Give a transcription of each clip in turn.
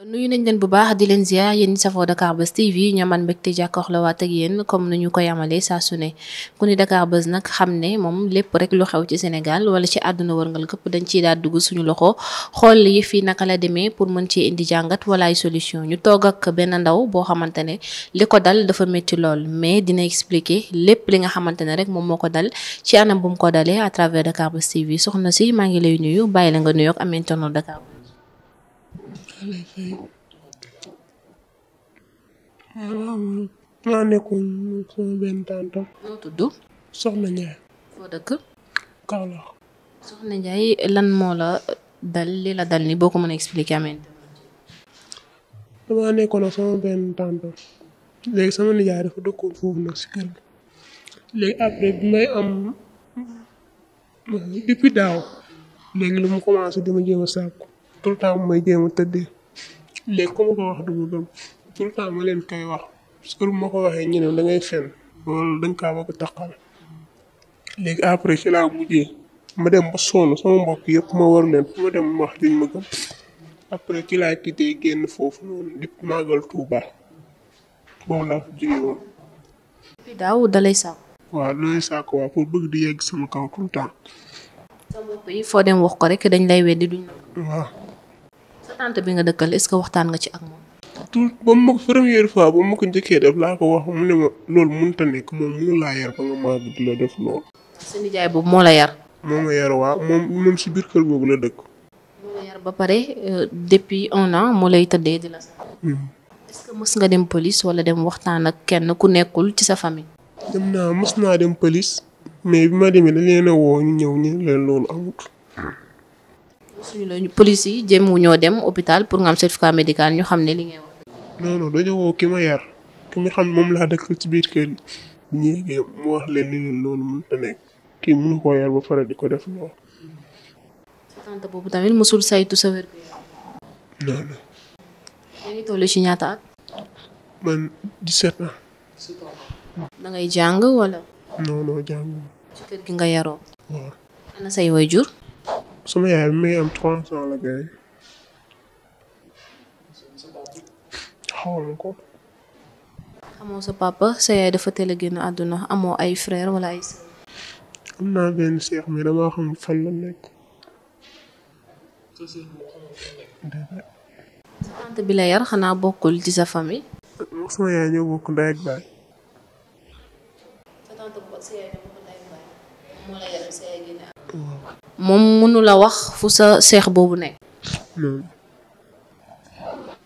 nuyu nañ leen bu baax di leen ziar yéen ñi safoo Dakar Buzz TV ñoo man mbégte jàkkaarloo waat ak yéen comme ni ñu ko amalee saa su ne ku ni Dakar Buzz nag xam ne moom lépp rek lu xew ci Sénégal wala ci àdduna ngal këpp dañ ciy daal dugg suñu loxo xool yi fii naka la demee pour mën ci indi jàngat wala ay solution ñu toog ak benn ndaw boo xamante ne li ko dal dafa métti lool mais dina expliquer lépp li nga xamante ne rek moom moo ko dal ci anam bu mu ko dalee à travers Dakar Buzz TV si maa ngi lay nuyu bàyyi la nga nuyoog am internet Dakar maa nekkoon sama lan moo la dal boo ko mën a expliquer léegi sama nijaay dafa dëkkoon foofu nag si kër gi. léegi am depuis daaw. léegi lu mu commencé dama jéem a sàkku. tout le temps mu may jéem a tëddee hmm. léegi ku ma ko wax du ma gëm temps ma leen koy wax parce que bu ma ko waxee ñu ne da ngay fen loolu dañ kaa ma dem ba sonn sama mbokk yëpp wax génn foofu noonu di màggal Tuuba boobu laa fa pour bëgg di yegg sama kaw tout temps. foo dem wax ko rek dañ lay weddi duñ. waaw. ma ko njëkkee a nekk moom mënu laa la def loolu. sa nijaay boobu moo la yar. moo ma yar waaw moom si biir kër googu la dëkk. moo la yar ba pare euh, depuis un an moo lay tëddee di la. Hmm. est-ce que mës nga dem police wala dem waxtaan ak kenn ku nekkul ci sa famille. dem naa mës naa dem police mais bi ma demee da leen a woo ñëw leen loolu amut. suñu la police yi jéemu ñoo dem hôpital pour nga am certificat médical ñu xam ne li ngay wax. non non dañoo woo ki ma yar ki xam moom laa dëkkal ci biir kër mu wax leen ni leen loolu mënut a nekk kii mënu koo yar ba pare di ko def lool. tante mosul saytu sa wér. non non. yaa ci ñaata at. man 17 ans. da ngay jàng wala. non non ci kër gi nga yaroo. waaw. ana say waajur. sama yaay mi am trois ans la gay xawma ko. sa papa sa yaay dafa teel a génn àdduna amoo ay frère wala ay sœur. am naa benn seex mi damaa xam fan la nekk. sa tante bi la yar xanaa bokkul ci sa famille. sama yaay ñoo bokk ndey baay. moom mënula wax fu sa seex boobu nekk.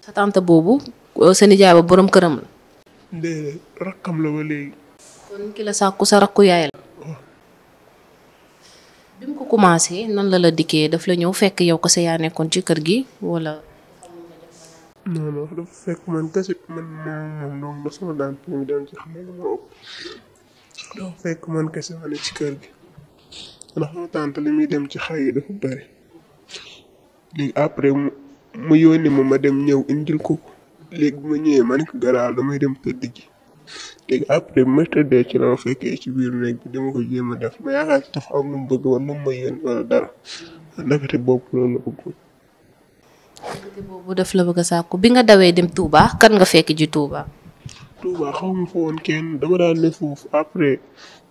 sa tante boobu euh, sa nijaay ba borom këram la. déedéet rakkam la ba léegi. kon ki la sàkku sa rakku yaay la. Oh. bi mu ko commencé nan la la dikkee daf la ñëw fekk yow kese yaa nekkoon ci kër gi wala. non non dafa fekk man kese man ci kër gi. man xam li muy dem ci xar dafa bëri léegi après mu yónni ma ma dem ñëw indil ko léegi bu ma ñëwee ma ne ko garaaw damay dem tëdd ji léegi après bu ma tëddee ci la ma fekkee ci biir néeg bi dama ko jéem a def ma yaakaar ci dafa am lu bëgg wala lu mu ma yónni wala dara ndakate boobu loolu la boobu daf la bëgg a bi nga dawee dem Touba kan nga fekk ji tuubaa Touba xaw ma fa woon kenn dama daan ne foofu après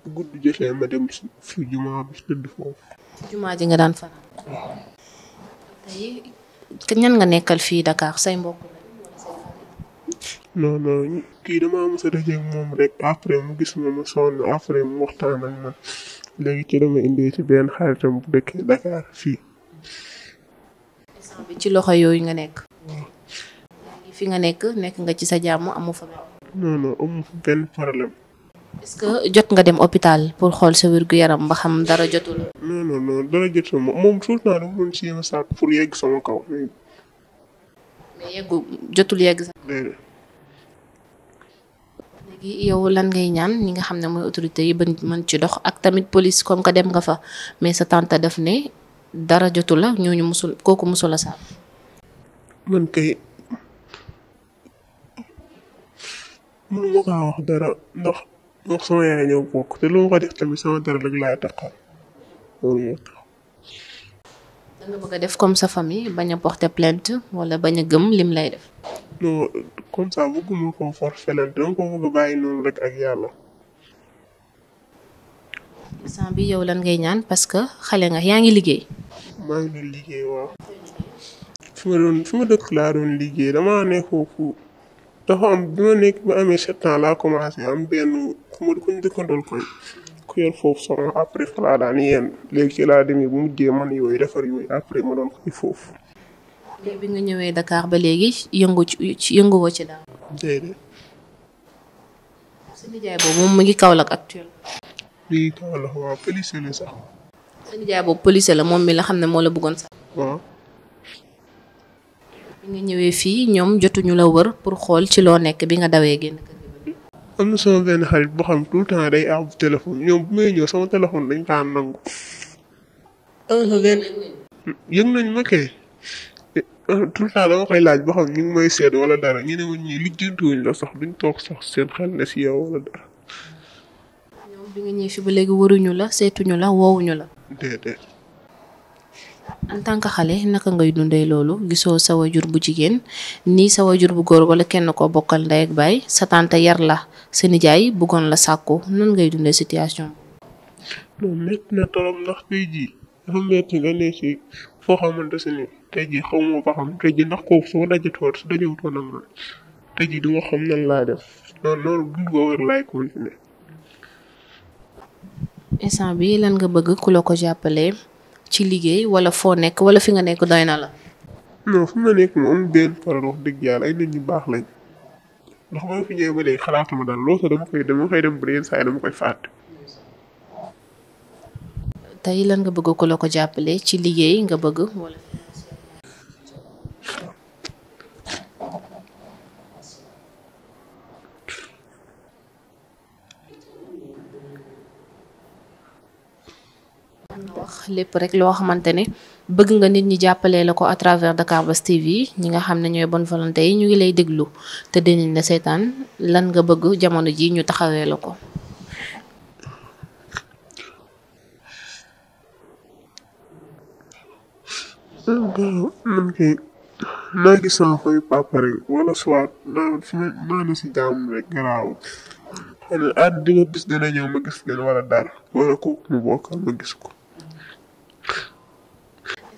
bu guddi jotee ma dem fi jumaa bi tëdd jumaa ji nga daan fanaan. waaw. nga nekkal fii Dakar say mbokk. non non kii damaa mos a dajeeg moom rek après mu gis ma ma sonn après mu waxtaan ak man léegi ci dama indee ci benn xaritam bu dëkk Dakar fii. ci loxo yooyu nga nekk. fi nga nekk nekk nga ci sa jàmm amu fa. non non amul benn problème. est que jot nga dem hôpital pour xool sa wér yaram ba xam dara jotul. non non non dara moom moom tout pour yegg sama kaw. jotul yegg sax. lan ngay ñaan ñi nga xam ne mooy autorité yi ba mën ci dox ak tamit police comme que dem nga fa mais sa tante def ne dara jotu la ñooñu musul kooku musul la sax. kay. mënu ma kaa wax dara ndax sama yaay ñëw bokk te lu ma ko def tamit sama dara rek laay taxaw loolu moo tax. da a def comme sa famille bañ a porter plainte wala bañ a gëm lim lay def. non comme ça bëgguma ko for feneen dama ko bëgg noonu rek ak yàlla. instant bi yow lan ngay ñaan parce que xale nga yaa ngi liggéey. maa fi ma doon fi ma dëkk laa doon liggéey damaa nekk foofu. dafa am bi ma nekk ba amee sept ans laa commencé am benn ku ma ku ñu dëkkandool koy ku yor foofu soxna après fa laa daan yéen léegi ci laa demee bu mujjee man yooyu defar yooyu après ma doon koy foofu. bi nga ñëwee Dakar ba léegi yëngu ci yëngu ci daal. déedéet. sa nijaay boobu moom mu ngi Kaolack actuel. lii Kaolack waaw police la sax. sa nijaay boobu police la moom mi la xam ne moo la bëggoon sax. bi ñëwee fii ñoom jotuñu la wër pour xool ci loo nekk bi nga dawee génn na sama benn xarit day àbb téléphone ñoom bu may ñëw sama téléphone dañ kaa nangu. am eh, eh, dama koy laaj boo xam ñu may seet wala dara ñu ne ma ñii lijjantiwuñ la sax duñ toog sax seen xel ne si yow wala dara. ñoom bi nga ñëw fi ba léegi waruñu la seetuñu la woowuñu la. en tant que xale naka ngay dundee loolu gisoo sa wajur bu jigéen nii sa bu góor wala kenn ko bokkal ndey ak baay sa tante yar la sa nijaay bëggoon la sàkku nan ngay dundee situation bi. loolu métti na nga xam nan laa def noonu loolu ko wër laay continuer. instant bi lan nga bëgg ku la ko jàppalee. ci liggéey wala foo nekk wala fi nga nekk doy na la. non fi ma nekk moom benn faral wax dëgg yàlla ay nit ñu baax lañ ndax maa fi ñëwee ba léegi xalaatuma daal loolu dama dama koy dem ba yenn saa yi dama koy faat. tey lan nga bëgg ko la ko jàppale ci liggéey nga bëgg wala. lépp rek loo xamante ne bëgg nga nit ñi jàppalee la ko à travers Dakar Buzz TV ñi nga xam ne ñooy bonne volonté yi ñu ngi lay déglu te dinañ la seetaan lan nga bëgg jamono ji ñu taxawee la ko. man kay naa gis mu bokkal ma gis ko.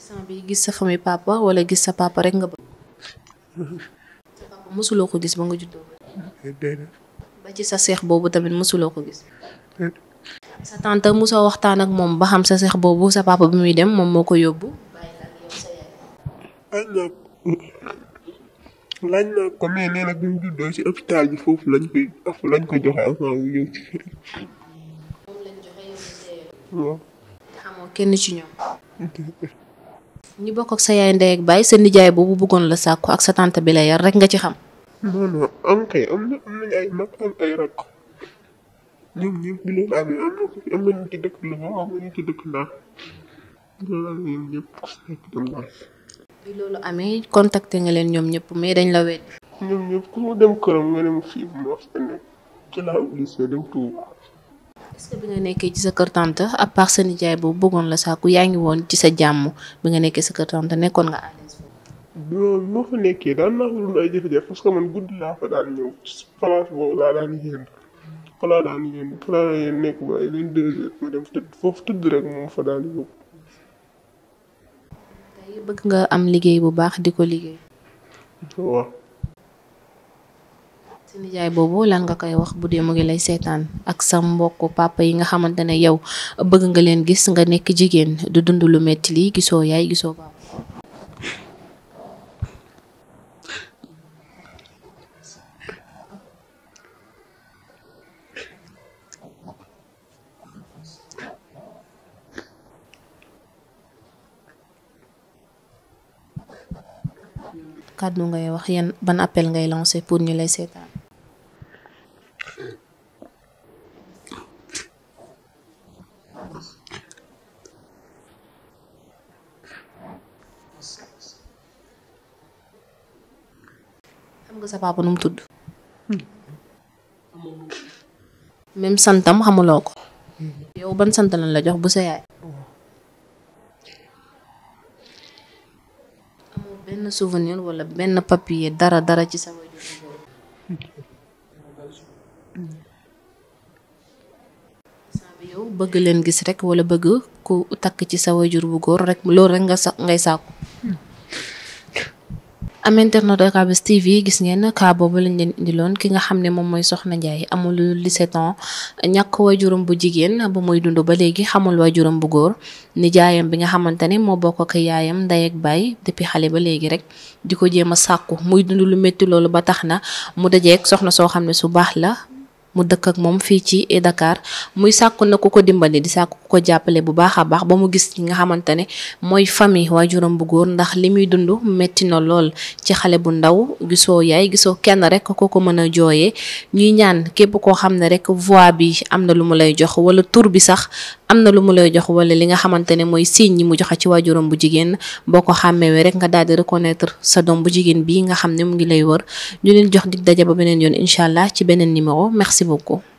instant bi gis sa famille papa wala gis sa papa rek nga bëgg. mosuloo ko gis ba nga juddoo. ba ci sa seex boobu tamit mosuloo ko gis. sa tante mosoo waxtaan ak moom ba xam sa seex boobu sa papa bi muy dem moom moo ko yóbbu. laaj naa ko mais nee na lañ ko joxe avant wu kenn ci ñoom. ñi bokk sa yaay ndey ak sa nijaay boobu bëggoon la sàkku ak sa tante bi la yar rek nga ci xam. non non am kay am na ñu la waaw ñoom leen ñoom ñëpp mais dañ la weddi. ñoom ñëpp ku mu dem këram nga dem fii mu wax ci laa obligé dem Touba. est bi nga nekkee ci sa kër tante à part sa nijaay boobu bëggoon la saaku yaa ngi woon ci sa jàmm bi nga nekkee sa kër tante nekkoon nga à l'aise loolu moo fa nekkee daan naa fa dund ay jafe-jafe parce man guddi laa fa daan ñëw foofu tëdd rek moom fa daan yóbbu tey bëgg nga am liggéey bu baax di ko liggéey si nijaay boobu lan nga koy wax bu dee mu ngi lay seetaan ak sa mbokk papa yi nga xamante ne yow bëgg nga leen gis nga nekk jigéen du dund lu metti lii gisoo yaay gisoo papa. kàddu ngay wax yan ban appel ngay lancé pour ñu lay seetaan. xam nga sa papa mu tudd. Hmm. même santam xamuloo ko. Hmm. yow ban sant lañ la jox bu sa yaay. Oh. amoo benn souvenir wala benn papier dara dara ci sa wajur. Hmm. bëgg leen gis wala bëgg ku takk ci sa wajur bu góor rek loolu rek nga sa ngay sàkku. am internet Actubuzz TV gis ngeen cas ba lañ leen indiloon ki nga xam ne moom mooy Soxna Ndiaye amul 17 ans ñàkk waajuram bu jigéen ba muy dund ba léegi xamul waajuram bu góor nijaayam bi nga xamante ne moo bokk ak yaayam ndey ak baay depuis xale ba léegi rek di ko jéem a sàkku muy dund lu métti loolu ba tax na mu dajeeg soxna soo xam ne su baax la mu dëkk ak moom fii ci Dakar muy sàkk na ku ko dimbali di sàkku ku ko jàppale bu baax a baax ba mu gis nga xamante ne mooy famille waajuram bu góor ndax li muy dund métti na lool ci xale bu ndaw gisoo yaay gisoo kenn rek ko ko mën a jooyee ñuy ñaan képp koo xam ne rek voix bi am na lu mu lay jox wala tur bi sax am na lu mu lay jox wala li nga xamante ne mooy signe yi mu joxe ci waajuram bu jigéen boo ko xàmmewee rek nga daal di reconnaître sa doom bu jigéen bii nga xam ne mu ngi lay wër ñu leen jox di daje ba beneen yoon incha allah ci beneen numéro merci 25고